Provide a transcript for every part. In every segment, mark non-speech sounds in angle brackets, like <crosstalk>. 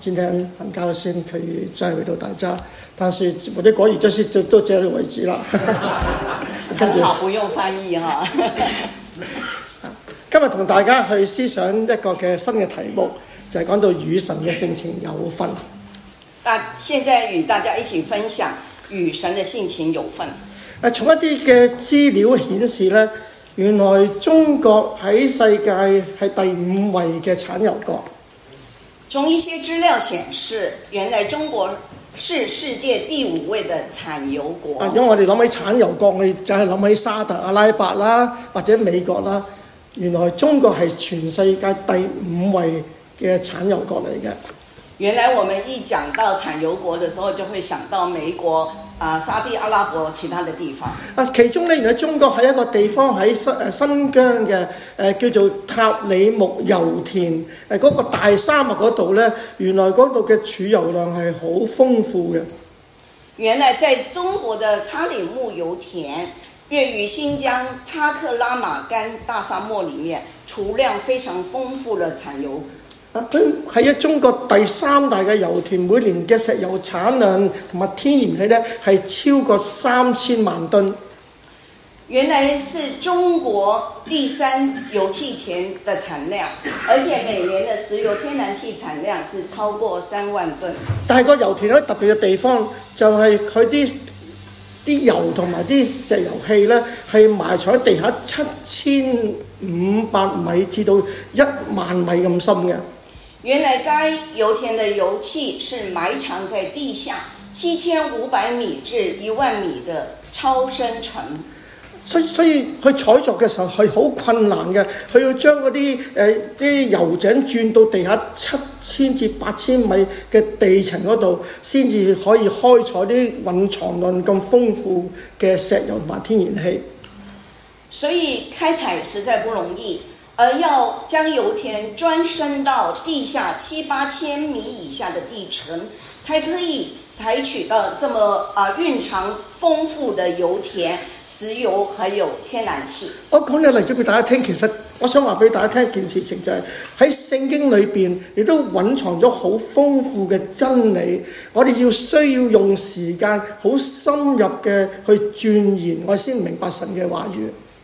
今天很高興可以再回到大家，但是我的國語就是就到這裏為止啦。 <laughs> 很好，不用翻譯哈 <laughs> 今日同大家去思想一個嘅新嘅題目，就係、是、講到與神嘅性情有份。現在與大家一起分享與神嘅性情有份。從一啲嘅資料顯示呢，原來中國喺世界係第五位嘅產油國。從一些資料顯示，原來中國是世界第五位的產油國。啊，因為我哋諗起產油國，我哋就係諗起沙特阿拉伯啦，或者美國啦。原來中國係全世界第五位嘅產油國嚟嘅。原來我們一講到產油國嘅時候，就會想到美國。啊！沙地阿拉伯其他嘅地方啊，其中呢，原來中國係一個地方喺新誒新疆嘅誒，呃、叫做塔里木油田誒，呃嗰個大沙漠嗰度咧，原來嗰度嘅儲油量係好豐富嘅。原來在中國的塔里木油田，位於新疆塔克拉瑪干大沙漠裏面，儲量非常豐富嘅產油。啊！係中國第三大嘅油田，每年嘅石油產量同埋天然氣呢係超過三千萬噸。原來係中國第三油氣田嘅產量，而且每年嘅石油、天然氣產量是超過三萬噸。但係個油田有個特別嘅地方，就係佢啲啲油同埋啲石油氣呢係埋藏在地下七千五百米至到一萬米咁深嘅。原來該油田的油氣是埋藏在地下七千五百米至一萬米的超深層，所以所以佢採作嘅時候係好困難嘅，佢要將嗰啲誒啲油井轉到地下七千至八千米嘅地層嗰度，先至可以開採啲蘊藏量咁豐富嘅石油同埋天然氣。所以開採實在不容易。而要將油田鑽深到地下七八千米以下的地層，才可以採取到這麼啊、呃、蘊藏豐富的油田，石油還有天然氣。我講嘅例子俾大家聽，其實我想話俾大家聽一件事情就係、是，喺聖經裏邊亦都蘊藏咗好豐富嘅真理。我哋要需要用時間好深入嘅去鑽研，我先明白神嘅話語。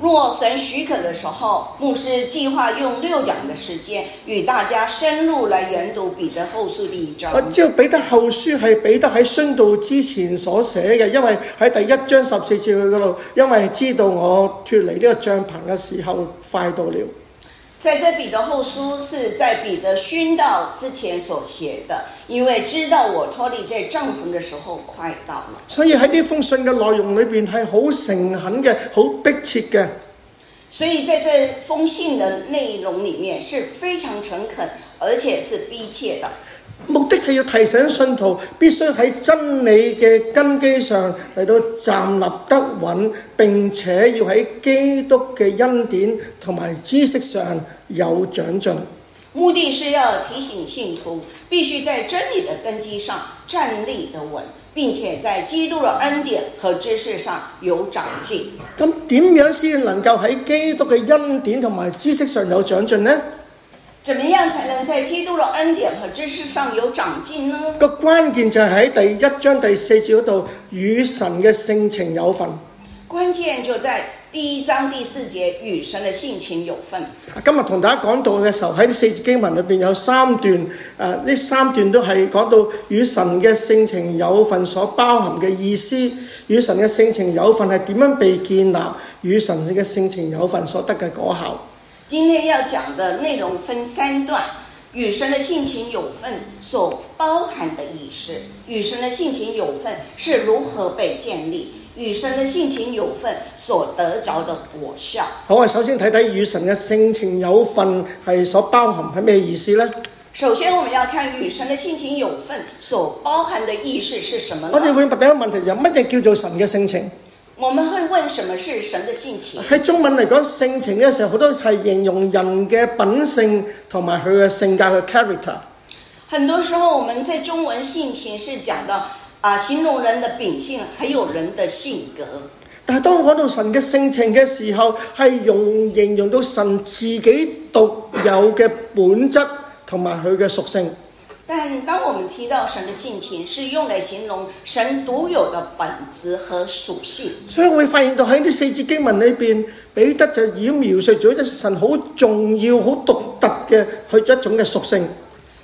若神許可的時候，牧師計劃用六講的時間與大家深入來研讀彼得後書的一章。這彼得後書係彼得喺殉道之前所寫嘅，因為喺第一章十四節嗰度，因為知道我脫離呢個帳篷嘅時候快到了。在這彼得後書是在彼得殉道之前所寫的。因為知道我脫離這帳篷的時候快到了，所以喺呢封信嘅內容裏面係好誠懇嘅，好迫切嘅。所以在這封信嘅內容裏面，是非常誠懇而且是迫切的。目的係要提醒信徒，必須喺真理嘅根基上嚟到站立得穩，並且要喺基督嘅恩典同埋知識上有長進。目的是要提醒信徒。必須在真理的根基上站立得穩，並且在基督的恩典和知識上有長進。咁點樣先能夠喺基督嘅恩典同埋知識上有長進呢？怎麼樣才能在基督的恩典和知識上有長進呢？個關鍵就喺第一章第四節嗰度，與神嘅性情有份。關鍵就在。第一章第四節，與神的性情有份。今日同大家講到嘅時候，喺四字經文裏邊有三段，誒、呃，呢三段都係講到與神嘅性情有份所包含嘅意思，與神嘅性情有份係點樣被建立，與神嘅性情有份所得嘅果效。今天要講嘅內容分三段，與神嘅性情有份所包含嘅意思，與神嘅性情有份是如何被建立。與神的性情有份所得着的果效。好，我哋，首先睇睇與神嘅性情有份係所包含係咩意思呢？首先，我們要看與神嘅性情有份所包含嘅意思係什麼呢？我哋會問第一個問題，有乜嘢叫做神嘅性情？我們會問什麼是神嘅性情？喺中文嚟講，性情嘅時候，好多係形容人嘅品性同埋佢嘅性格嘅 character。Char 很多時候，我們在中文性情是講到。啊！形容人的秉性，還有人的性格。但當講到神嘅性情嘅時候，係用形容到神自己獨有嘅本質同埋佢嘅屬性。但當我們提到神嘅性情，是用嚟形容神獨有嘅本質和屬性。性屬性，所以會發現到喺呢四字經文裏邊，彼得就已經描述咗一神好重要、好獨特嘅佢一種嘅屬性。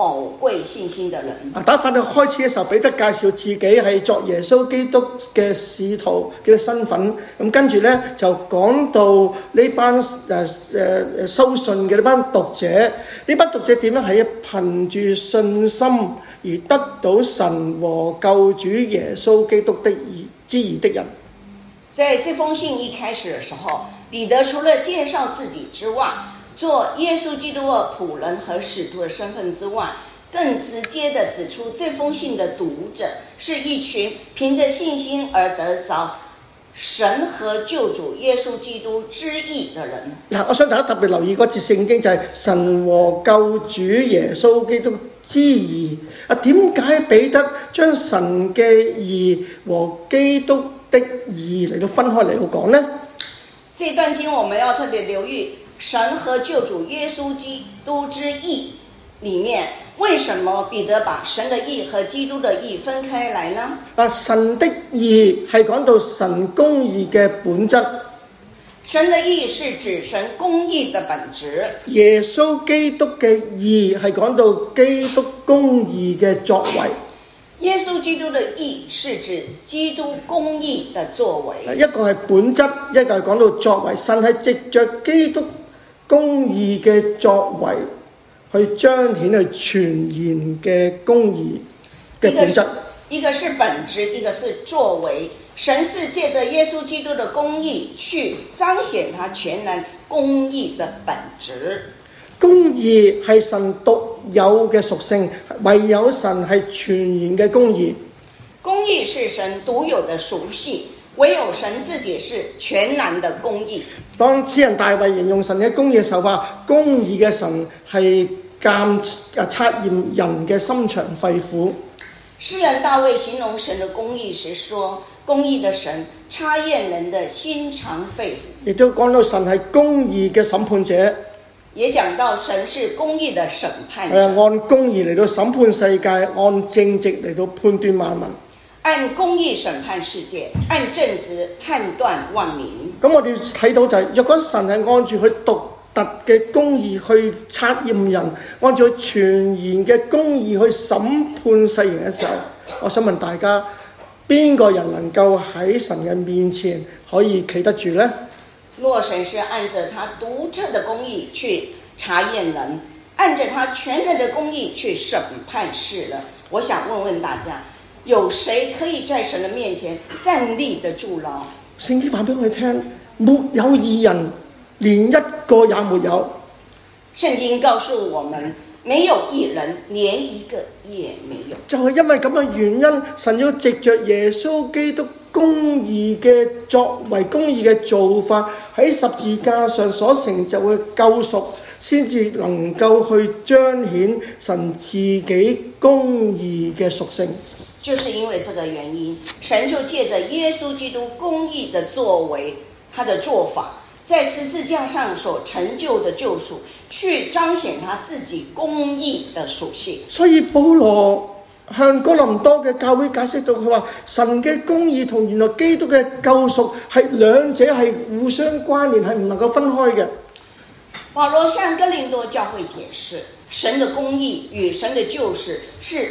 寶貴信心的人啊！打翻到開始嘅時候，彼得介紹自己係作耶穌基督嘅使徒嘅身份，咁、嗯、跟住呢，就講到呢班誒誒收信嘅呢班讀者，呢班讀者點樣係憑住信心而得到神和救主耶穌基督的之義的人。在這封信一開始嘅時候，彼得除了介紹自己之外，做耶穌基督的僕人和使徒的身份之外，更直接地指出這封信的讀者是一群憑着信心而得着神和救主耶穌基督之義的人。嗱，我想大家特別留意嗰節聖經就係神和救主耶穌基督之義。啊，點解彼得將神嘅義和基督的義嚟到分開嚟去講呢？這段經我們要特別留意。神和救主耶穌基督之義，裏面，為什麼彼得把神的義和基督的義分開來呢？啊，神的義，係講到神公義嘅本質，神的義，是指神公義嘅本質。耶穌基督嘅義，係講到基督公義嘅作為。耶穌基督的義，是指基督公義嘅作為。一個係本質，一個係講到作為，神係藉着基督。公義嘅作為，去彰顯佢全然嘅公義嘅本質一。一個是本質，一個是作為。神是借着耶穌基督的公義，去彰顯他全能公義的本質。公義係神獨有嘅屬性，唯有神係全然嘅公義。公義係神獨有的屬性。唯有神自己是全然的公義。當詩人，人，人，人大衛形容神嘅公義手法，公義嘅神係鑒誒測驗人嘅心腸肺腑。詩人大衛形容神嘅公義時，說公義嘅神測驗人嘅心腸肺腑。亦都講到神係公義嘅審判者，也講到神是公義嘅審判者。誒、嗯，按公義嚟到審判世界，按正直嚟到判斷萬民。按公義審判世界，按正直判斷萬民。咁我哋睇到就係、是，若果神係按住佢獨特嘅公義去查驗人，按住全然嘅公義去審判世人嘅時候， <coughs> 我想問大家，邊個人能夠喺神嘅面前可以企得住呢？若神是按着他獨特的公義去查驗人，按着他全然嘅公義去審判世人，我想問問大家。有誰可以在神的面前站立得住咯？聖經話俾我哋聽，沒有一人，連一個也沒有。聖經告訴我們，沒有一人，連一個也沒有。沒有，沒有。就係因為咁嘅原因，神要藉着耶穌基督公義嘅作為、公義嘅做法喺十字架上所成就嘅救贖，先至能夠去彰顯神自己公義嘅屬性。就是因為這個原因，神就借着耶穌基督公義的作為，他的做法在十字架上所成就的救贖，去彰顯他自己公義的屬性。所以保羅向哥林多的教會解釋到他說，他話神嘅公義同原來基督嘅救贖係兩者係互相關聯，係唔能夠分開嘅。保羅向哥林多教會解釋，神的公義與神的救贖是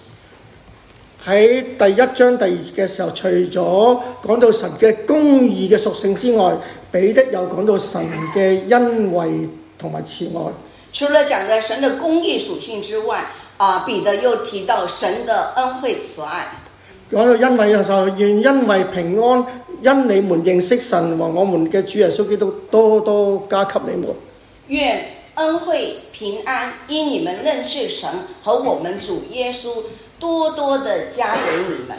喺第一章第二節嘅時候，除咗講到神嘅公義嘅屬性之外，彼得又講到神嘅恩惠同埋慈愛。除了講到神嘅公義屬性之外，啊，彼得又提到神嘅恩惠慈愛。講到恩惠嘅時候，願恩惠平安，因你們認識神和我們嘅主耶穌基督都，多多加給你們。願恩惠平安，因你們認識神和我們主耶穌。多多的加給你們，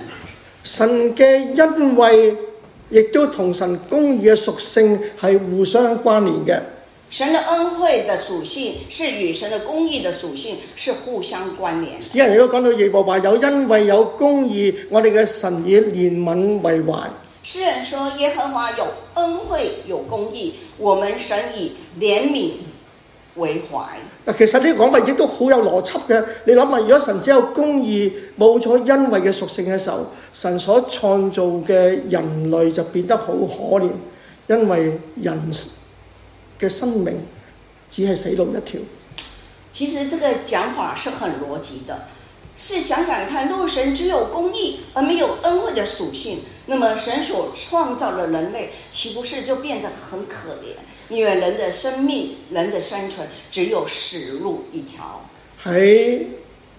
神嘅恩惠亦都同神公義嘅屬性係互相關聯嘅。神嘅恩惠嘅屬性，是與神嘅公義嘅屬性，是互相關聯。詩人如果講到耶和華有恩惠有公義，我哋嘅神以憐憫為懷。詩人說耶和華有恩惠有公義，我們神以憐憫。會壞嗱，其實呢講法亦都好有邏輯嘅。你諗下，如果神只有公義，冇咗恩惠嘅屬性嘅時候，神所創造嘅人類就變得好可憐，因為人嘅生命只係死路一條。其實這個講法是很邏輯的，試想想看，若神只有公義而沒有恩惠嘅屬性，那麼神所創造嘅人類，豈不是就變得很可憐？因為人的生命、人的生存只有死路一條。喺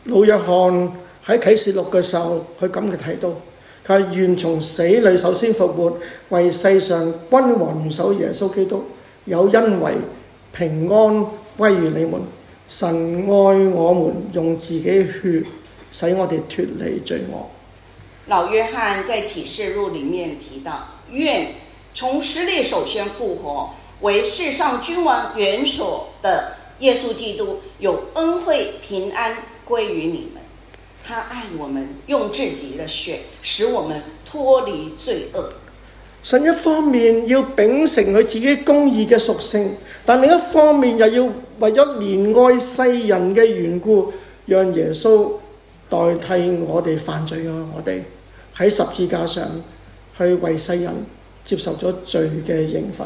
老約翰喺啟示錄嘅時候，佢咁嘅睇到，佢願從死裏首先復活，為世上君王元首耶穌基督有恩惠、平安歸於你們。神愛我們，用自己血使我哋脱離罪惡。老約翰在啟示錄裏面提到，願從死裏首先復活。為世上君王元首的耶穌基督有恩惠、平安歸於你們，他愛我們，用自己的血使我們脫離罪惡。神一方面要秉承佢自己公義嘅屬性，但另一方面又要為咗憐愛世人嘅緣故，讓耶穌代替我哋犯罪嘅、啊、我哋喺十字架上去為世人接受咗罪嘅刑罰。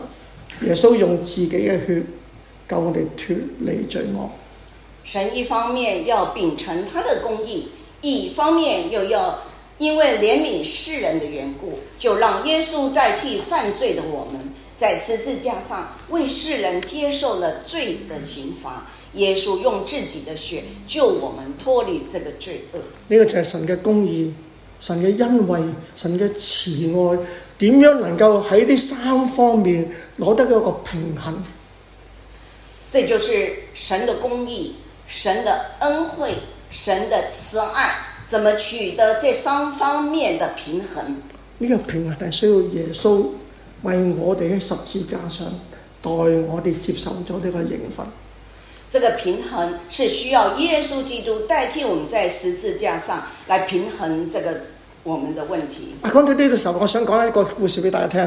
耶穌用自己嘅血救我哋脫離罪惡。神一方面要秉承他的公義，一方面又要因為憐憫世人的緣故，就讓耶穌代替犯罪的我們，在十字架上為世人接受了罪的刑罰。嗯。耶穌用自己的血救我們脱離這個罪惡。呢個就係神嘅公義，神嘅恩惠，神嘅慈愛。點樣能夠喺呢三方面攞得嗰個平衡？這就是神的公義、神的恩惠、神的慈愛，怎麼取得這三方面的平衡？呢個平衡，係需要耶穌為我哋喺十字架上代我哋接受咗呢個刑罰。這個平衡是需要耶穌基督代替我們在十字架上來平衡這個我們的問題。講到呢個時候，我想講一個故事俾大家聽。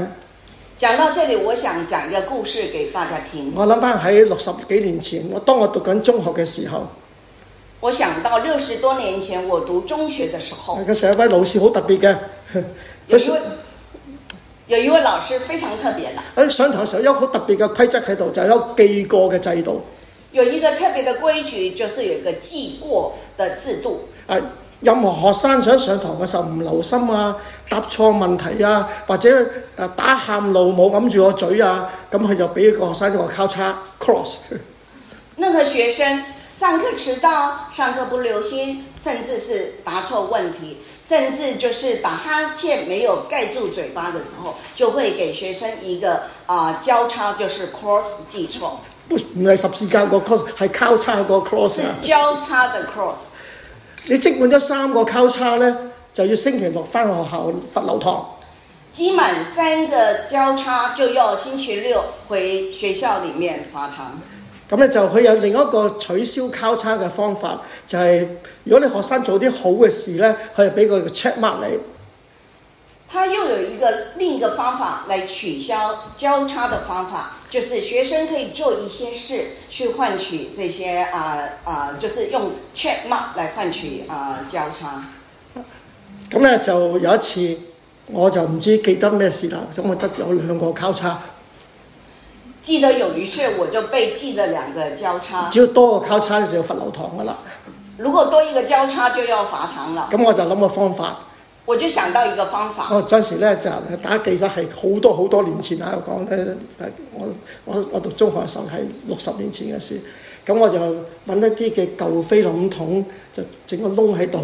講到這裡，我想講個故事給大家聽。講，我諗翻喺六十幾年前，我當我讀緊中學嘅時候，我想到六十多年前我讀中學嘅時候。個社會老師好特別嘅。有一位是有一位老師非常特別啦。喺上堂嘅時候，有好特別嘅規則喺度，就是有記過嘅制度。有一個特別嘅規矩，就是有一個記過嘅制度。啊！任何學生想上堂嘅時候唔留心啊，答錯問題啊，或者誒打喊路冇揞住個嘴啊，咁佢就俾學生一個交叉 cross。任何學生上課遲到、上課不留心，甚至是答錯問題，甚至就是打哈欠沒有蓋住嘴巴嘅時候，就會給學生一個啊、呃、交叉，就是 cross 記錯。唔，唔係十字架個 cross，係交叉個 cross。是交叉的 cross。你積滿咗三個交叉咧，就要星期六翻學校罰留堂。積滿三個交叉就要星期六回學校裏面罰堂。咁咧就佢有另一個取消交叉嘅方法，就係如果你學生做啲好嘅事咧，佢就俾佢個 check mark 你。他又有一個另一個方法嚟取消交叉嘅方法。就是學生可以做一些事去換取這些啊啊、呃呃，就是用 check mark 來換取啊、呃、交叉。咁咧就有一次，我就唔知記得咩事啦，咁我得咗兩個交叉。記得有一次我就被記咗兩個交叉。只要多個交叉就要罰留堂噶啦。如果多一個交叉就要罰堂啦。咁我就諗個方法。我就想到一個方法。哦，當時咧就記得係好多好多年前講咧，我我我讀中學嘅時候係六十年前嘅事，咁我就揾一啲嘅舊飛龍筒，就整個窿喺度，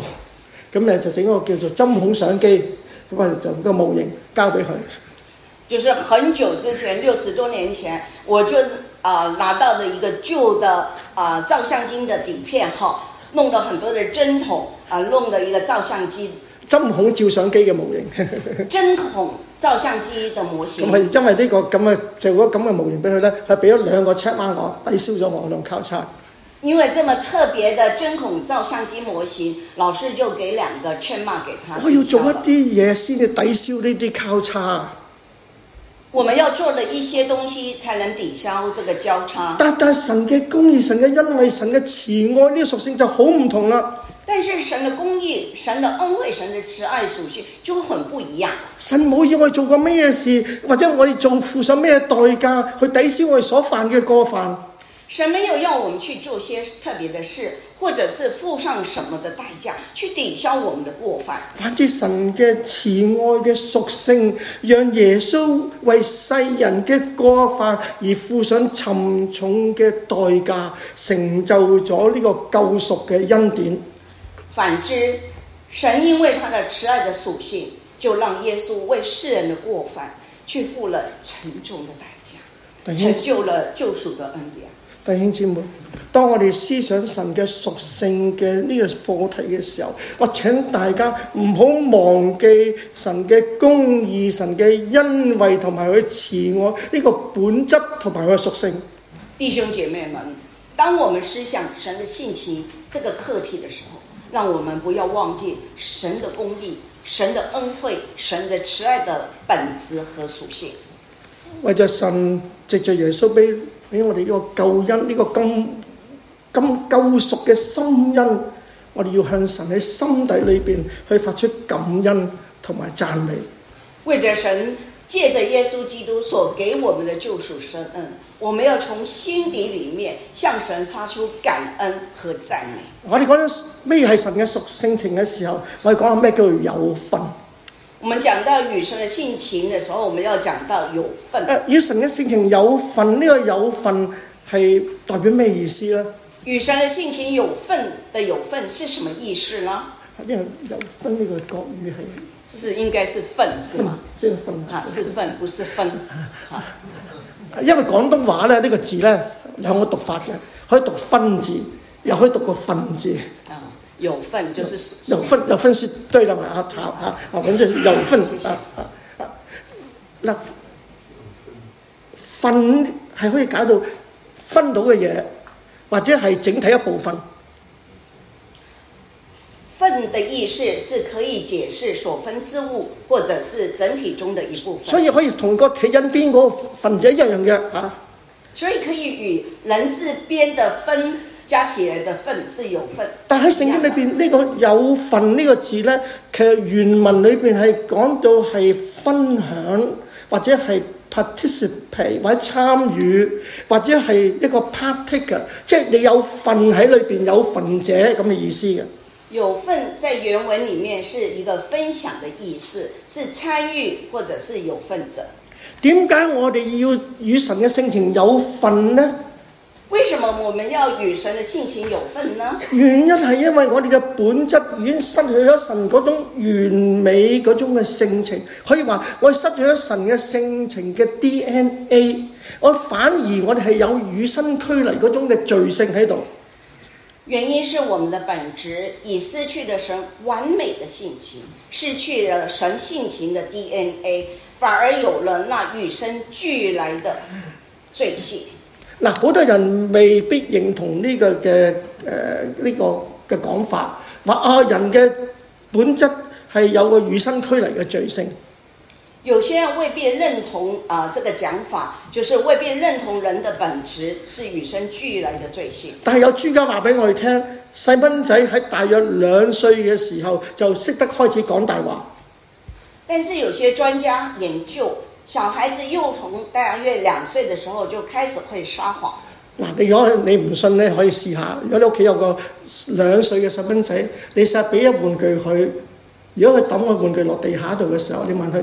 咁咧就整個叫做針孔相機咁啊，整個模型交俾佢。就是很久之前，六十多年前，我就啊拿到咗一舊個舊的啊照相機的底片，哈，弄了很多的針筒，啊，弄了一個照相機。針孔照相機嘅模型，針孔照相機嘅模型。咁係因為呢、這個咁嘅，做咗咁嘅模型俾佢咧，佢俾咗兩個 checkmark 我，抵消咗我能交叉。因為這麼特別嘅針孔照相機模型，老師就給兩個 checkmark 給佢。我要做一啲嘢先至抵消呢啲交叉。我們要做咗一些東西，才能抵消這個交叉。但但、嗯、神嘅公義、神嘅恩惠、神嘅慈愛呢啲、這個、屬性就好唔同啦。嗯但是神的公義、神的恩惠、神的慈愛屬性就會很不一樣。神唔會因做過咩事，或者我哋仲付上咩代價去抵消我哋所犯嘅過犯。神沒有要我們去做些特別的事，或者是付上什麼嘅代價去抵消我們的過犯。反之，神嘅慈愛嘅屬性，讓耶穌為世人嘅過犯而付上沉重嘅代價，成就咗呢個救贖嘅恩典。反之，神因為他的慈愛的屬性，就讓耶穌為世人的過犯去付了沉重的代價，成就了救贖的恩典。弟兄姊妹，當我哋思想神嘅屬性嘅呢個課題嘅時候，我請大家唔好忘記神嘅公義、神嘅恩惠同埋佢慈愛呢個本質同埋佢嘅屬性。弟兄姐妹們，當我們思想神嘅性情這個課題嘅時候，讓我們不要忘記神的公義、神的恩惠、神的慈愛的本質和屬性。為着神藉着耶穌給給我哋呢個救恩，呢、這個咁咁救贖嘅深恩，我哋要向神喺心底裏邊去發出感恩同埋讚美。為着神借着耶穌基督所給我們的救贖神恩。我們要從心底裏面向神發出感恩和讚美。我哋講到咩係神嘅屬性情嘅時候，我哋講咩叫做有份。我們講到與神嘅性情嘅時候，我們要講到有份。誒、呃，與神嘅性情有份呢、這個有份係代表咩意思咧？與神嘅性情有份的有份是什麼意思呢？即係有份呢個國語係？是應該係份，是嗎？係份啊，是份，不是分。 <laughs> 啊因為廣東話咧，呢、這個字呢，有兩個讀法嘅，可以讀分字，又可以讀個份字，啊。有分就是有，有分，有分是對的嘛。好啊，好，啊，咁就有分啊啊謝啊！嗱、啊，份，啊，係可以搞到分到嘅嘢，或者係整體一部分。份的意思是可以解釋所分之物，或者是整體中的一部分。所以可以同個企人邊嗰份者一樣嘅、啊、所以可以與人字邊的分加起來的份是有份。但喺聖經裏邊呢個有份呢個字咧，其實原文裏邊係講到係分享或者係 participate 或者參與或者係一個 particular，即係你有份喺裏邊有份者咁嘅意思嘅。有份在原文裡面是一個分享的意思，是參與或者是有份者。點解我哋要與神嘅性情有份呢？為什麼我們要與神嘅性情有份呢？份呢，原因係因為我哋嘅本質已經失去咗神嗰種完美嗰種嘅性情，可以話我哋失去咗神嘅性情嘅 DNA，我反而我哋係有與生俱嚟嗰種嘅罪性喺度。原因是我們的本質已失去了神完美的性情，失去了神性情的 DNA，反而有了那與生俱來的罪性。嗱，好多人未必認同呢個嘅誒呢個嘅講法，話啊人嘅本質係有個與生俱嚟嘅罪性。有些人未必認同啊，呃，這個講法，就是未必認同人的本質是與生俱來的罪性。但係有專家話俾我哋聽，細蚊仔喺大約兩歲嘅時候就識得開始講大話。但是有些專家研究，小孩子幼童大約兩歲嘅時候就開始會撒謊。嗱，如果你唔信咧，可以試下，如果你屋企有個兩歲嘅細蚊仔，你成日俾一玩具佢，如果佢抌個玩具落地下度嘅時候，你問佢。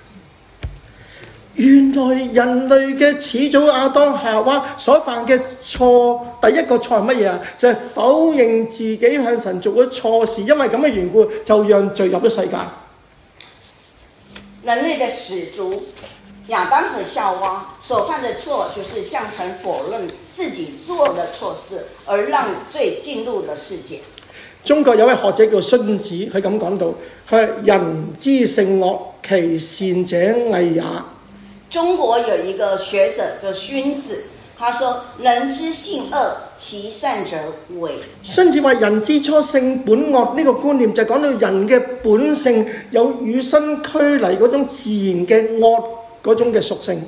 原來人類嘅始祖亞當夏娃所犯嘅錯，第一個錯係乜嘢啊？就係、是、否認自己向神做咗錯事，因為咁嘅緣故，就讓罪入咗世界。人類嘅始祖亞當和夏娃所犯的錯，就是向神否認自己做的錯事，而讓罪進入了世界。中國有位學者叫荀子，佢咁講到：佢話人之性惡，其善者偽也。中國有一個學者叫荀子，他說：“人之性惡，其善者偽。”荀子話：“人之初性本惡”，呢、這個觀念就講到人嘅本性有與生俱嚟嗰種自然嘅惡嗰種嘅屬性。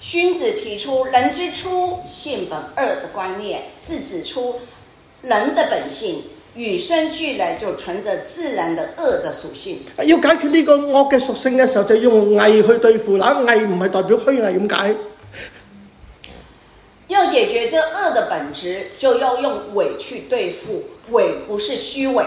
荀子提出“人之初性本惡”的觀念，是指出人的本性。與生俱來就存着自然的惡的屬性，要解決呢個惡嘅屬性嘅時候，就用偽去對付。嗱，偽唔係代表虛偽。點解？要解決這惡的本質，就要用偽去對付，偽不是虛偽。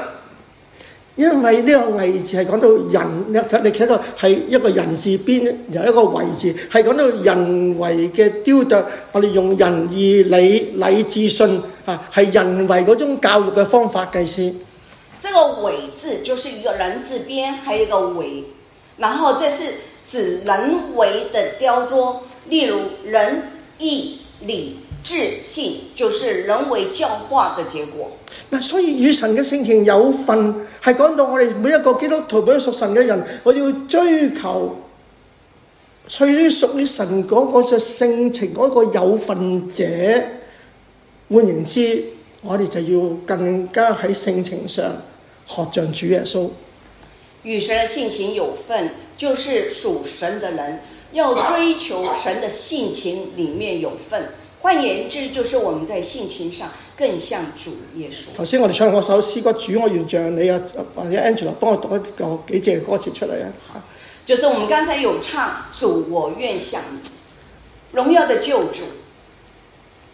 因為呢個偽字係講到人，你睇到係一個人字邊有一個為字，係講到人為嘅雕琢。我哋用仁義禮禮智信。啊，係人為嗰種教育嘅方法計先。這個偽字就是一個人字邊，還有一個為，然後這是指人為嘅雕琢，例如仁義禮智信，就是人為教化嘅結果。嗱，所以與神嘅性情有份，係講到我哋每一個基督徒、每屬神嘅人，我要追求，屬於屬於神嗰個就性情嗰個有份者。換言之，我哋就要更加喺性情上學像主耶穌。與神的性情有份，就是屬神的人要追求神的性情裏面有份。換言之，就是我們在性情上更像主耶穌。頭先我哋唱嗰首詩歌《主我願像你》，啊或者 Angela 幫我讀一個幾節歌詞出嚟啊。就是我們剛才有唱《主我願像你榮耀的救主》。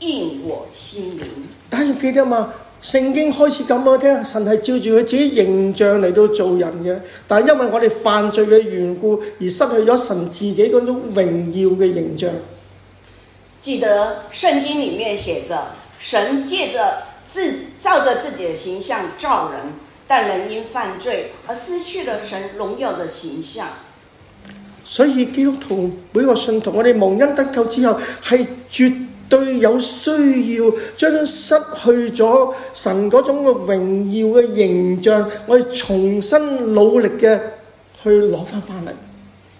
恩和赦免，但要記得嘛？聖經開始咁樣講，聽神係照住佢自己形象嚟到做人嘅，但係因為我哋犯罪嘅緣故，而失去咗神自己嗰種榮耀嘅形象。記得聖經裏面寫着，神借着自照着自己嘅形象照人，但人因犯罪而失去了神榮耀嘅形象。所以基督徒每個信徒，我哋蒙恩得救之後，係絕。對有需要將失去咗神嗰種嘅榮耀嘅形象，我哋重新努力嘅去攞翻返嚟。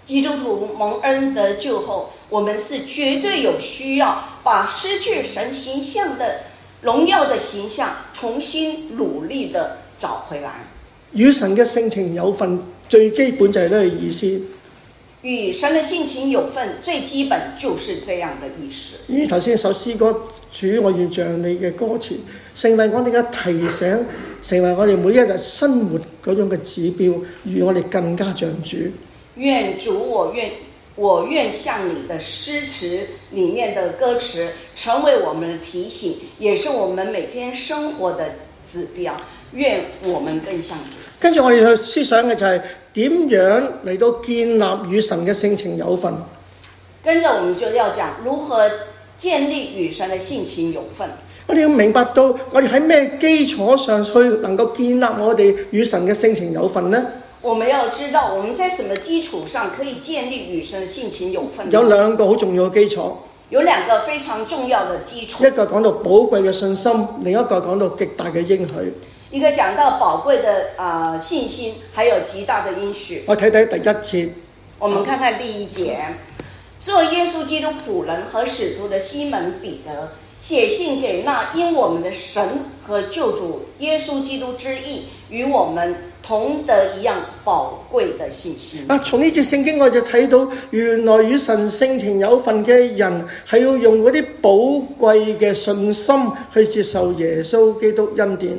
基督徒蒙恩得救後，我們是絕對有需要把失去神形象的榮耀的形象重新努力的找回來。與神嘅性情有份，最基本就係呢個意思。與神的性情有份，最基本就是這樣的意思。與頭先首詩歌主我願像你嘅歌詞，成為我哋嘅提醒，成為我哋每一日生活嗰種嘅指標，與我哋更加像主。願主我願我願像你的詩詞裏面的歌詞，成為我們的提醒，也是我們每天生活的指標。願我們更像主。跟住我哋去思想嘅就係、是。點樣嚟到建立與神嘅性情有份？跟住，我們就要講如何建立與神嘅性情有份。我哋要明白到我哋喺咩基礎上去能夠建立我哋與神嘅性情有份呢？我們要知道我們在什麼基礎上可以建立與神嘅性情有份？有兩個好重要嘅基礎，有兩個非常重要嘅基礎。一個講到寶貴嘅信心，另一個講到極大嘅應許。一個講到寶貴的，啊信心，還有極大的應許。我睇睇第一節，我們看看第一節，作、嗯、耶穌基督僕人和使徒的西門彼得寫信給那因我們的神和救主耶穌基督之義與我們同得一樣寶貴的信心。啊，從呢節聖經我就睇到，原來與神性情有份嘅人係要用嗰啲寶貴嘅信心去接受耶穌基督恩典。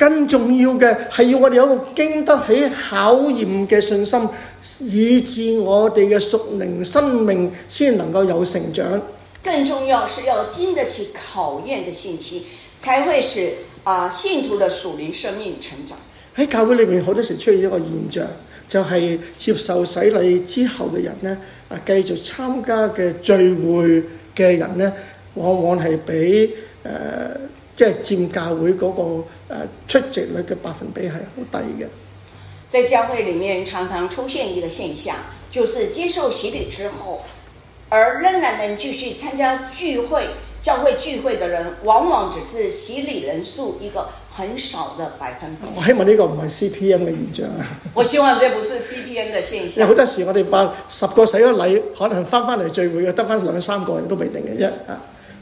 更重要嘅係要我哋有個經得起考驗嘅信心，以致我哋嘅屬靈生命先能夠有成長。更重要是要經得起考驗嘅信心，才會使啊信徒嘅屬靈生命成長。喺教會裏面好多時出現一個現象，就係、是、接受洗禮之後嘅人呢，啊，繼續參加嘅聚會嘅人呢，往往係比誒即係佔教會嗰、那個。出席率嘅百分比係好低嘅。在教會裡面，常常出現一個現象，就是接受洗禮之後，而仍然能繼續參加聚會、教會聚會嘅人，往往只是洗禮人數一個很少嘅百分比。我希望呢個唔係 C P M 嘅現象。我希望這不是 C P N 嘅現象。有好多時，我哋發十個洗咗禮，可能翻翻嚟聚會嘅得翻兩三個人都未定嘅啫、啊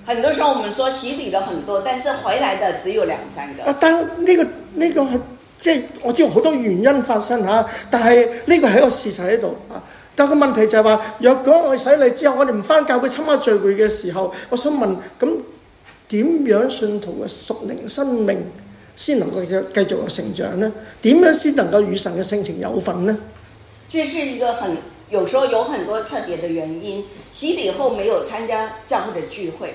很多時候我們說洗禮了很多，但是回來的只有兩三個。啊、這個，但、這、呢個呢個係即係我知好多原因發生吓，但係呢個係一個事實喺度啊。但個問題就係、是、話，若果我洗禮之後，我哋唔返教會參加聚會嘅時候，我想問咁點樣,樣信徒嘅屬靈生命先能夠繼繼續有成長呢？點樣先能夠與神嘅性情有份呢？這是一個很，有時候有很多特別嘅原因，洗禮後沒有參加教會嘅聚會。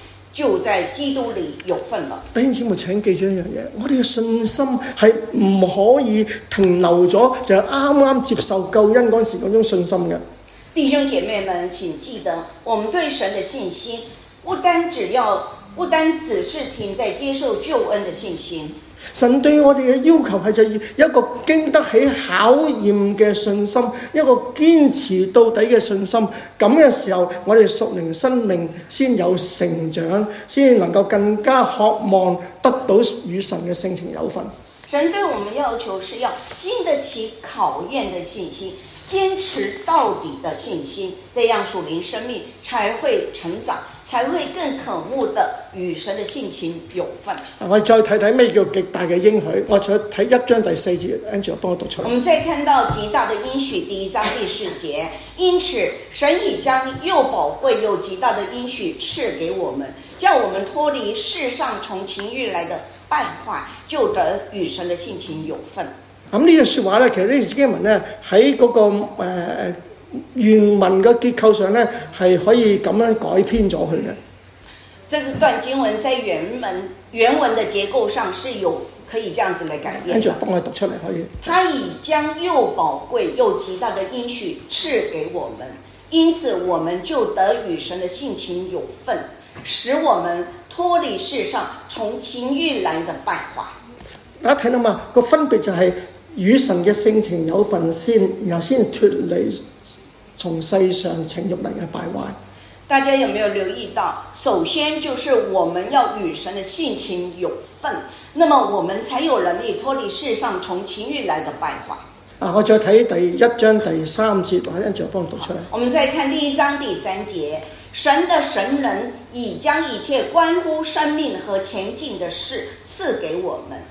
就在基督裏有份了。弟兄姊妹請記住一樣嘢，我哋嘅信心係唔可以停留咗，就係啱啱接受救恩嗰陣時嗰種信心嘅。弟兄姐妹們，請記得，我們對神的信心，不單只要，不單只是停在接受救恩的信心。神對我哋嘅要求係就是一個經得起考驗嘅信心，一個堅持到底嘅信心。咁嘅時候，我哋屬靈生命先有成長，先能夠更加渴望得到與神嘅性情有份。神對我們要求是要經得起考驗的信心。堅持到底的信心，這樣屬靈生命才會成長，才會更可惡的與神的性情有份。我們再睇睇咩叫極大的應許。我再睇一章第四節，Angela 幫我讀出嚟。我們再看到極大的應許，第一章第四節。因此，神已將又寶貴又極大的應許賜給我們，叫我們脫離世上從情欲來的敗壞，就得與神的性情有份。咁、嗯，這個、呢句説話咧，其實呢段經文咧喺嗰個誒、呃、原文嘅結構上咧係可以咁樣改編咗佢嘅。呢段經文在原文原文嘅結構上是有可以這樣子嚟改變。跟住幫我讀出嚟可以。他已將又寶貴又極大嘅應許賜給我們，因此我們就得與神嘅性情有份，使我們脫離世上從情欲來嘅敗壞。大家睇到嘛，這個分別就係、是。與神嘅性情有份先，然後先脱離從世上情欲嚟嘅敗壞。大家有沒有留意到？首先就是我們要與神嘅性情有份，那麼我們才有能力脱離世上從情欲嚟嘅敗壞。啊！我再睇第一章第三節，阿恩就幫我讀出嚟。我們再看第一章第三節，神的神能已將一切關乎生命和虔敬的事，賜給我們。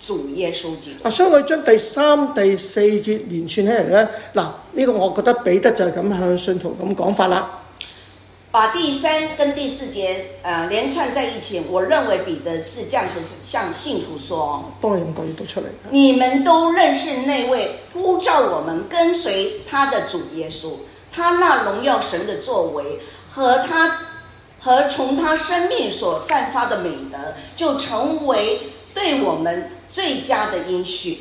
主耶穌基督。啊，所以將第三、第四節連串起嚟，嗱，呢個我覺得彼得就係咁向信徒咁講法啦。把第三跟第四節誒、呃、連串在一起，我認為彼得是這樣子向信徒說：把第五句讀出嚟。你們都認識那位呼召我們跟隨他的主耶穌，他那榮耀神的作為和他和從他生命所散發的美德，就成為對我們最佳的應許，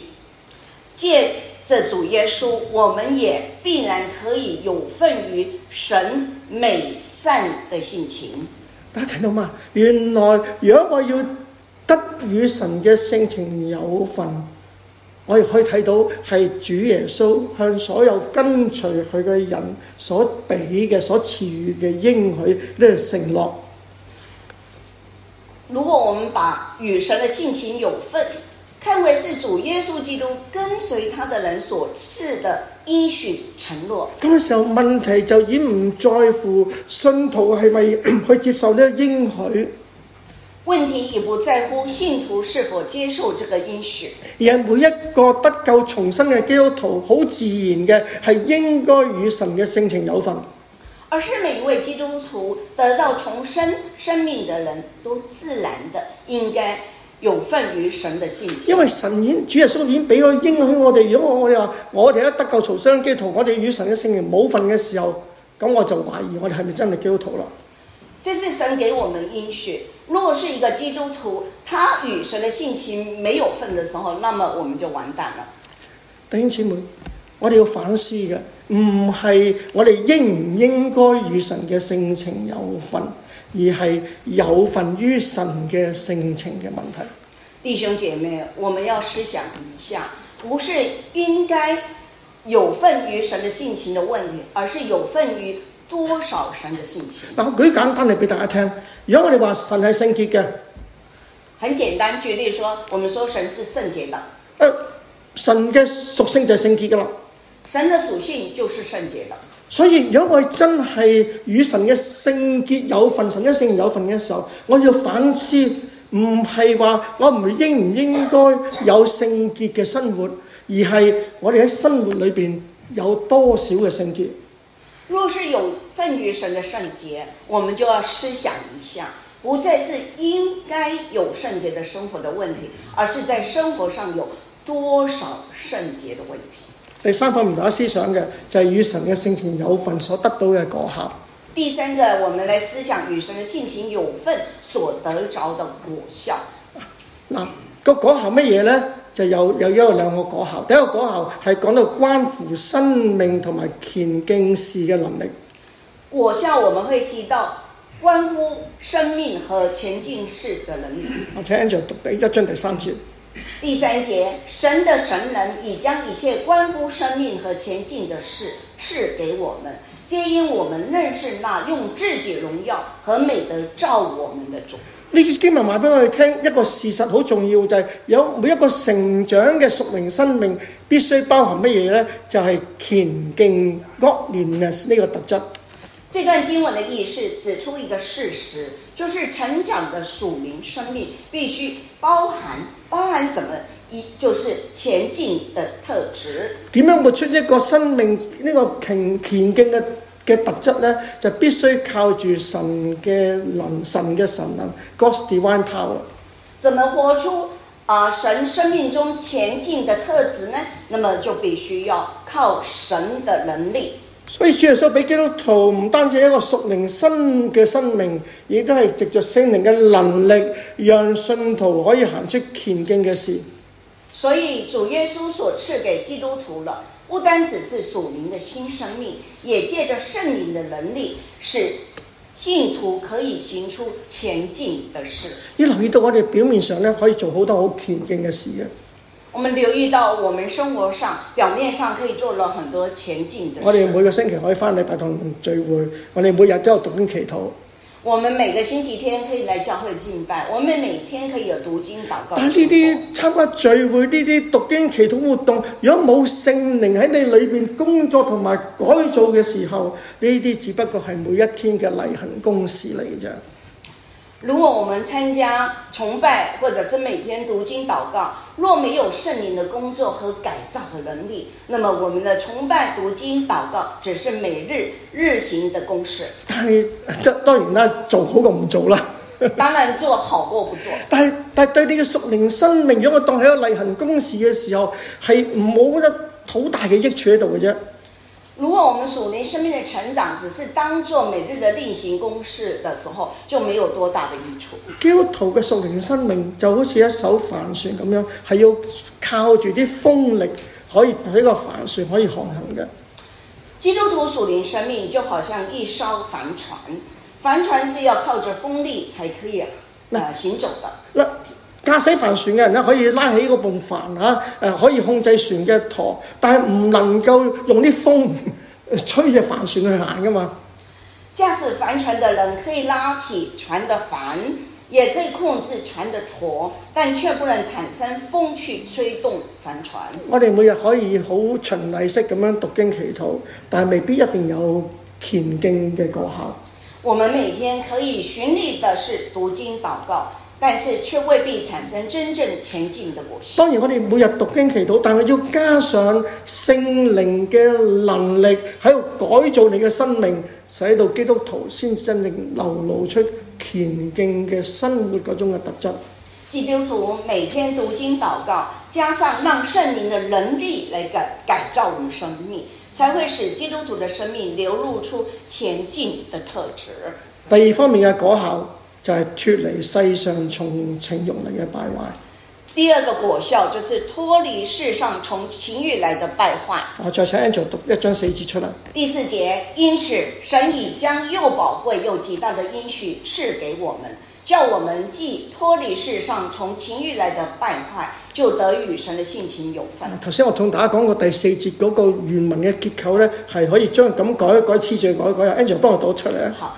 借着主耶穌，我們也必然可以有份於神美善的性情。大家睇到嗎？原來，如果我要得與神嘅性情有份，我亦可以睇到係主耶穌向所有跟隨佢嘅人所俾嘅，所賜予嘅應許嘅承諾。如果我們把與神嘅性情有份，認為是主耶穌基督跟隨他的人所賜的應許承諾。那時候問題就已經唔在乎信徒係咪去接受呢應許？問題也不在乎信徒是否接受這個應許。因每一個得救重生嘅基督徒，好自然嘅係應該與神嘅性情有份。而是每一位基督徒得到重生生命的人都自然的應該。有份於神嘅性情，因為神已經主耶穌已經俾咗應許我哋。如果我哋話我哋一得救贖、基督徒，我哋與神嘅性情冇份嘅時候，咁我就懷疑我哋係咪真係基督徒啦。即是神給我們應許，如果是一個基督徒，他與神嘅性情沒有份嘅時候，那麼我們就完蛋了。弟兄姊妹，我哋要反思嘅，唔係我哋應唔應該與神嘅性情有份。而係有份於神嘅性情嘅問題。弟兄姐妹，我們要思想一下，不是應該有份於神嘅性情的問題，而是有份於多少神嘅性情。嗱，我舉簡單嚟俾大家聽。如果我哋話神係聖潔嘅，很簡單，舉例說，我們說神是聖潔的，呃，神嘅屬性就係聖潔嘅啦。神嘅屬性就係聖潔嘅。所以如果我真係與神嘅聖潔有份，神嘅聖有份嘅時候，我要反思，唔係話我唔應唔應該有聖潔嘅生活，而係我哋喺生活裏邊有多少嘅聖潔。若是有份於神嘅聖潔，我們就要思想一下，不再是應該有聖潔嘅生活嘅問題，而是在生活上有多少聖潔嘅問題。第三份唔同嘅思想嘅就係、是、與神嘅性情有份所得到嘅果效。第三個，我們來思想與神嘅性情有份所得着嘅果效。嗱，個果效乜嘢咧？就有有一個兩個果效。第一個果效係講到關乎生命同埋虔敬事嘅能力。果效我們會知道關乎生命和虔敬事嘅能力。我請 Angel 讀第一章第三節。第三節，神的神能已將一切關乎生命和虔敬的事賜給我們，皆因我們認識那用自己榮耀和美德照我們的主。呢句經文話俾我哋聽，一個事實好重要就係、是，有每一個成長嘅屬靈生命必須包含乜嘢咧？就係虔敬、惡念嘅呢個特質。這段經文的意思是指出一個事實，就是成長的屬靈生命必須包含包含什麼？一就是前進的特質。點樣活出一個生命呢、這個前前進的嘅特質咧，就必須靠住神嘅能，神嘅神能 （God’s divine power）。怎麼活出啊、呃、神生命中前進的特質呢？那麼就必須要靠神的能力。所以主耶穌俾基督徒唔單止係一個屬靈新嘅生命，亦都係藉着聖靈嘅能力，讓信徒可以行出前進嘅事。所以主耶穌所賜給基督徒了，不單只是屬靈的新生命，也借着聖靈嘅能力，使信徒可以行出前進的事。你留意到我哋表面上咧，可以做好多好前進嘅事。我們留意到，我們生活上表面上可以做了很多前進的。我哋每個星期可以翻禮拜同聚會，我哋每日都有讀經祈禱。我們每個星期天可以來教會敬拜，我們每天可以有讀經禱告。呢啲參加聚會呢啲讀經祈禱活動，如果冇聖靈喺你裏面工作同埋改造嘅時候，呢啲只不過係每一天嘅例行公事嚟嘅咋。如果我們參加崇拜，或者是每天讀經禱告，若沒有聖靈的工作和改造的能力，那麼我們的崇拜、讀經、禱告只是每日日行的公事。但是當然啦，做好過唔做啦。 <laughs> 當然做好過唔做。但係但是對你嘅屬靈生命，如果當係一個例行公事嘅時候，係冇得好大嘅益處喺度嘅啫。如果我們屬靈生命的成長只是當做每日的例行公事的時候，就沒有多大的益處。基督徒嘅屬靈生命就好似一艘帆船咁樣，係要靠住啲風力可以俾個帆船可以航行嘅。基督徒屬靈生命就好像一艘帆船，帆船是要靠着風力才可以，呃，行走的。那那駕駛帆船嘅人咧，可以拉起嗰篷帆嚇，誒可以控制船嘅舵，但係唔能夠用啲風吹隻帆船去行噶嘛。駕駛帆船嘅人可以拉起船嘅帆，也可以控制船嘅舵，但卻不能產生風去吹動帆船。我哋每日可以好循例式咁樣讀經祈禱，但係未必一定有虔敬嘅果效。我們每天可以循例嘅，是讀經禱告。但是卻未必產生真正前進的果效。當然，我哋每日讀經祈禱，但係要加上聖靈嘅能力喺度改造你嘅生命，使到基督徒先真正流露出前進嘅生活嗰種嘅特質。基督徒每天讀經禱告，加上讓聖靈的能力嚟改改造我們生命，才會使基督徒嘅生命流露出前進的特質。第二方面嘅果效。就係脫離世上從情慾嚟嘅敗壞。第二個果效就是脫離世上從情欲嚟嘅敗壞。好，再請 Angie 讀一章四節出嚟。第四節，因此神已將又寶貴又極大嘅恩許賜給我們，叫我們既脫離世上從情欲嚟嘅敗壞，就得與神嘅性情有分。頭先我同大家講過第四節嗰個原文嘅結構咧，係可以將咁改一改黐住，改一改。Angie 幫我讀出嚟啊！好。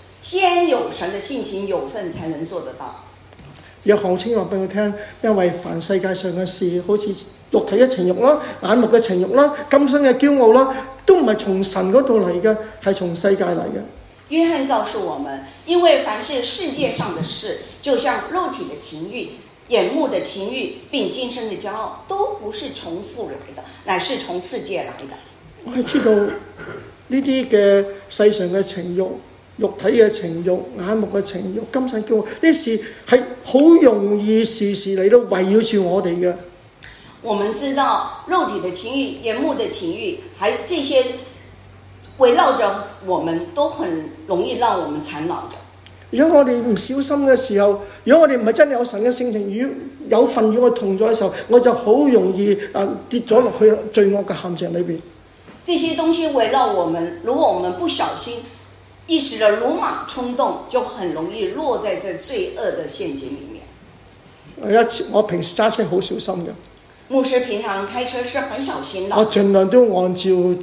先有神的性情有份，才能做得到。約翰話俾我聽，因為凡世界上嘅事，好似肉體嘅情慾啦、眼目嘅情慾啦、今生嘅驕傲啦，都唔係從神嗰度嚟嘅，係從世界嚟嘅。約翰告訴我們，因為凡是世界上嘅事，就像肉體嘅情慾、眼目嘅情慾，並今生嘅驕傲，都不是從父來嘅，乃是從世界嚟嘅。 <laughs> 我係知道呢啲嘅世上嘅情慾。肉體嘅情慾、眼目嘅情慾、今生嘅驕傲，呢啲事係好容易時時嚟到圍繞住我哋嘅。我們知道，肉體嘅情慾、眼目嘅情慾，係這些圍繞着我們，都很容易讓我們殘老。如果我哋唔小心嘅時候，如果我哋唔係真係有神嘅性情與有份與我同在嘅時候，我就好容易啊跌咗落去罪惡嘅陷阱裏邊。這些東西圍繞我們，如果我們不小心。一時嘅魯莽衝動，就很容易落在這罪惡嘅陷阱裡面。我一我平時揸車好小心嘅。牧師平常開車是很小心的。我儘量都按照誒、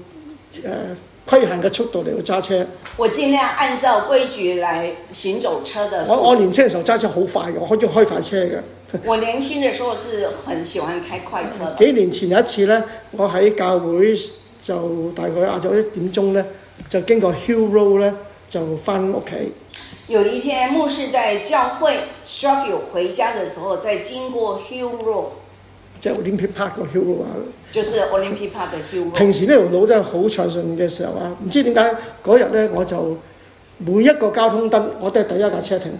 呃、規限嘅速度嚟去揸車。我儘量按照規矩嚟行走車嘅。我我年輕嘅時候揸車好快嘅，我好中意開快車嘅。我年輕嘅時， <laughs> 時候是很喜歡開快車的。幾年前有一次咧，我喺教會就大概晏晝一點鐘咧，就經過 Hero 咧。就翻屋企。有一天牧師在教會 Strathfield 回家的時候，再經過 Hill Road, road。即係奧林匹克個 Hill 啊。就是奧林匹克嘅 Hill。平時呢條路真係好暢順嘅時候啊，唔知點解嗰日咧，我就每一個交通燈我都係第一架車停。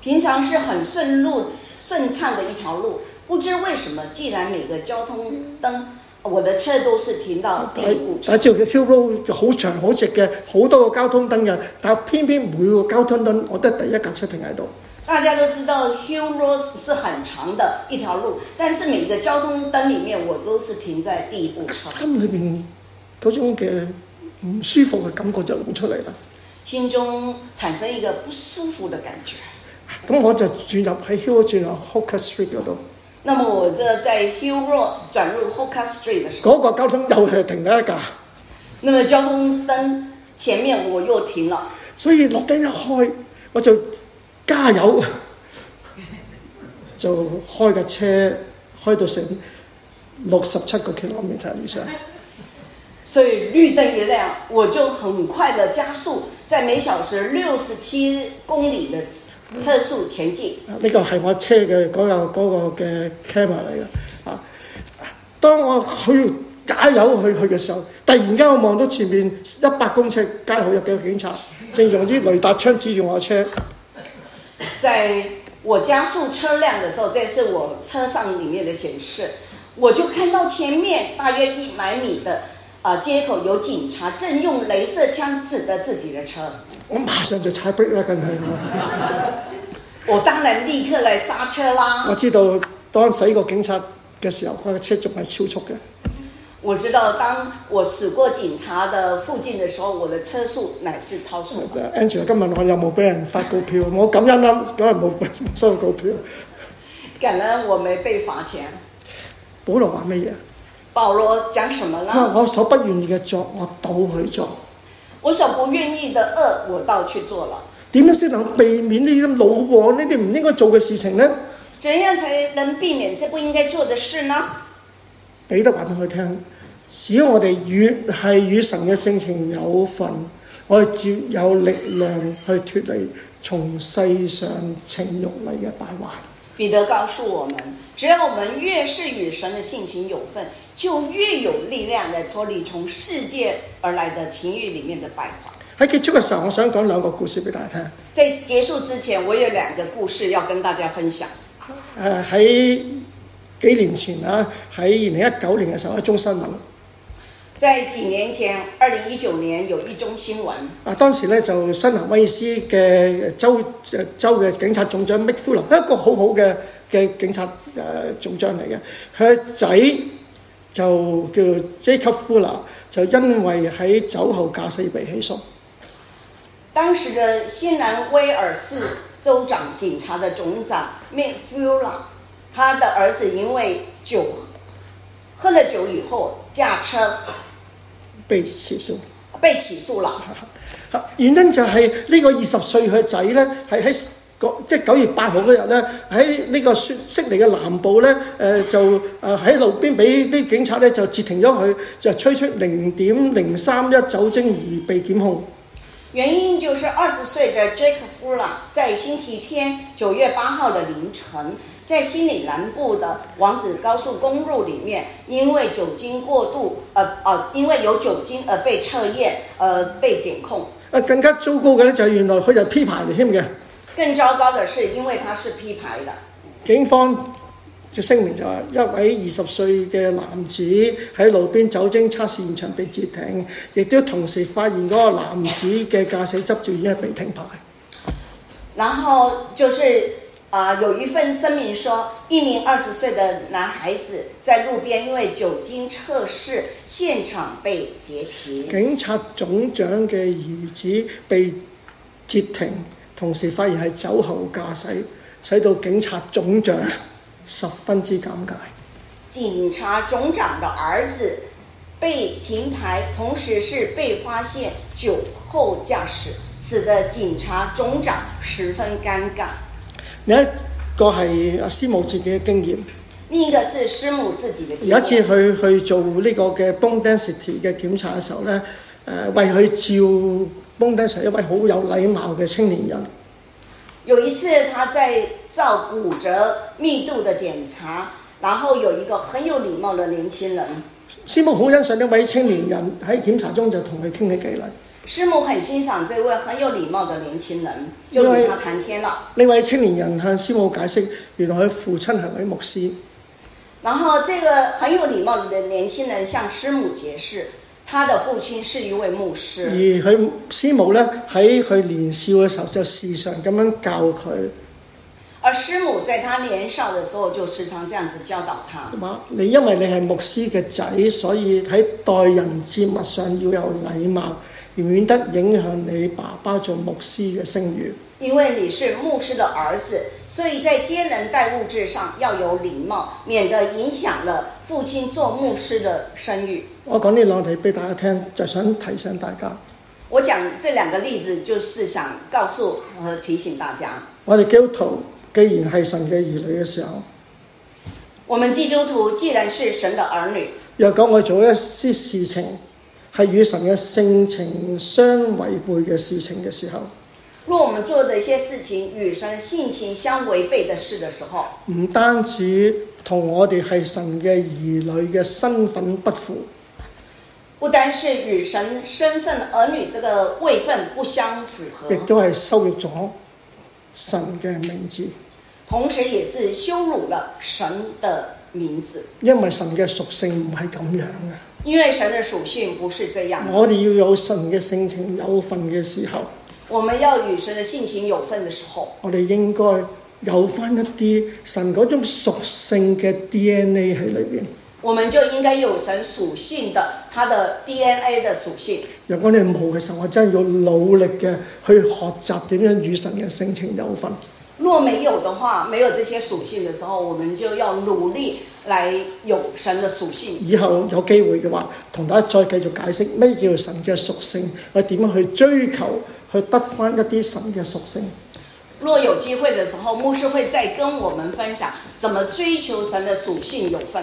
平常是很順路、順暢的一條路，不知為什麼，既然每個交通燈。我的車都是停到第一部。但係，但 Hill Road 好長好直嘅，好多個交通燈嘅，但偏偏每個交通燈我都係第一架車停喺度。大家都知道 Hill Road 是很長的一條路，但是每個交通燈裡面我都是停在第一部。心裏面嗰種嘅唔舒服嘅感覺就露出嚟啦。心中產生一個不舒服嘅感覺。咁我就轉入喺 Hill 轉入 Hooker Street 嗰度。嗰個交通又係停咗一架，那麼交通燈前面我又停了。所以綠燈一開我就加油， <laughs> 就開架車開到成六十七個 kilometer 以上，所以綠燈一亮我就很快地加速，在每小時六十七公里的，車速前進，呢個係我車嘅嗰個嗰個嘅 camera 嚟嘅。啊，當我去加油去去嘅時候，突然間我望到前面一百公尺街口有幾個警察，正用啲雷達槍指住我車。在我加速車輛嘅時候，這是我車上裡面嘅顯示，我就看到前面大約一百米嘅。啊！街口有警察正用鐳射槍指着自己的車，我馬上就踩 brake 啦。我當然立刻來剎車啦。我知道當駛過警察嘅時候，佢嘅車速係超速嘅。我知道當我駛過警察的附近的時候，我的車速乃是超速的 Andrew, 我。Angela，今日我有冇俾人發過票？ <laughs> 我感恩啦，今日冇收過票。感恩我沒被罰錢。保羅話咩嘢？保羅講什麼呢？我所不願意嘅作，我倒去做；我所不願意的惡，我倒去做了。點樣先能避免呢啲老王呢啲唔應該做嘅事情呢？怎樣才能避免這不應該做嘅事呢？彼得話俾佢聽，只要我哋越係與神嘅性情有份，我哋越有力量去脱離從世上情欲嚟嘅敗壞。彼得告訴我們，只要我們越是與神嘅性情有份。就越有力量嚟脫離從世界而來的情欲裏面的敗壞。喺結束嘅時候，我想講兩個故事俾大家聽。在結束之前，我有兩個故事要跟大家分享。誒，喺幾年前啊，喺二零一九年嘅時候，一宗新聞。在幾年前，二零一九年有一宗新聞。啊，當時咧就新南威斯嘅州誒州嘅警察總長，m c f o o 一個好好嘅嘅警察誒總長嚟嘅，佢仔。就叫 J· f 科 e 納，就因為喺酒後駕駛被起訴。當時的新南威爾士州長警察的總長 m c f u l 他的兒子因為酒喝了酒以後駕車被起訴，被起訴了，原因就係呢個二十歲嘅仔呢，係喺。即係九月八號嗰日呢，喺呢個悉尼嘅南部呢，誒就誒喺路邊俾啲警察呢就截停咗佢，就吹出零點零三一酒精而被檢控。原因就是二十歲嘅 Jack Furla 在星期天九月八號嘅凌晨，在悉尼南部嘅王子高速公路裡面，因為酒精過度，誒、呃、誒、呃，因為有酒精而被測驗，誒、呃、被檢控。誒更加糟糕嘅咧就係原來佢就係 P 牌嚟添嘅。更糟糕的是，因為他是 P 牌的。警方就聲明就話：一位二十歲嘅男子喺路邊酒精測試現場被截停，亦都同時發現嗰個男子嘅駕駛執照已經係被停牌。然後就是啊，有一份聲明說，一名二十歲嘅男孩子在路邊因為酒精測試現場被截停。警察總長嘅兒子被截停。同時發現係酒後駕駛，使到警察總長十分之尷尬。警察總長嘅兒子被停牌，同時是被發現酒後駕駛，使得警察總長十分尷尬。另一個係阿師母自己嘅經驗，呢一個是師母自己嘅經驗。有一次去去做呢個嘅 bone density 嘅檢查嘅時候咧，誒為佢照幫得上一位好有禮貌嘅青年人。有一次，他在做骨折密度的檢查，然後有一個很有禮貌的年輕人。師母好欣賞呢位青年人喺檢查中就同佢傾起偈嚟。師母很欣賞這位很有禮貌的年輕人，就同他談天啦。呢位青年人向師母解釋，原來佢父親係位牧師。然後，這個很有禮貌的年輕人向師母解釋。他的父親是一位牧師，而佢師母咧，喺佢年少嘅時候就時常咁樣教佢。而師母在他年少嘅時候就時常這樣子教導他。你，因為你係牧師嘅仔，所以喺待人接物上要有禮貌。免得影響你爸爸做牧師嘅聲譽，因為你是牧師的兒子，所以在接人待物質上要有禮貌，免得影響了父親做牧師的聲譽。我講呢兩題俾大家聽，就想提醒大家。我講這兩個例子，就是想告訴和提醒大家，我哋基督徒既然係神嘅兒女嘅時候，我們基督徒既然是神的兒女，若講我做一啲事情。係與神嘅性情相違背嘅事情嘅時候，若我們做嘅一些事情與神性情相違背的事嘅時候，唔單止同我哋係神嘅兒女嘅身份不符，不單是與神身份兒女這個位份不相符合，亦都係羞辱咗神嘅名字，同時也是羞辱了神的名字，因為神嘅屬性唔係咁樣嘅。因為神的屬性不是這樣，我哋要有神嘅性情有份嘅時候，我們要與神嘅性情有份嘅時候，我哋應該有翻一啲神嗰種屬性嘅 DNA 喺裏邊，我們就應該有神屬性的，它的 DNA 嘅屬性。如果你冇嘅時候，我真係要努力嘅去學習點樣與神嘅性情有份。若沒有的話，沒有這些屬性的時候，我們就要努力來有神的屬性。以後有機會的話，同大家再繼續解釋咩叫神嘅屬性，啊，點樣去追求，去得翻一啲神嘅屬性。若有機會的時候，牧師會再跟我們分享怎麼追求神的屬性有份。